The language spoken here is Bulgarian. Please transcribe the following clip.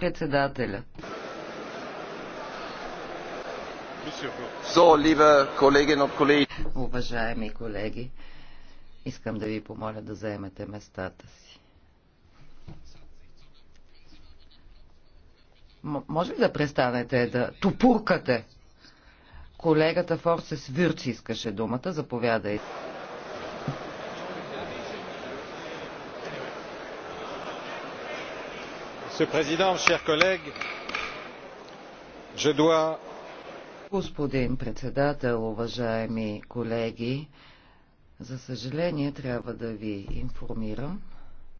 Председателя. Уважаеми колеги, искам да ви помоля да заемете местата си. М може ли да престанете да тупуркате? Колегата Форсес Вирци искаше думата. Заповядайте. Monsieur le Président, chers collègues, je dois... Господин председател, уважаеми колеги, за съжаление трябва да ви информирам,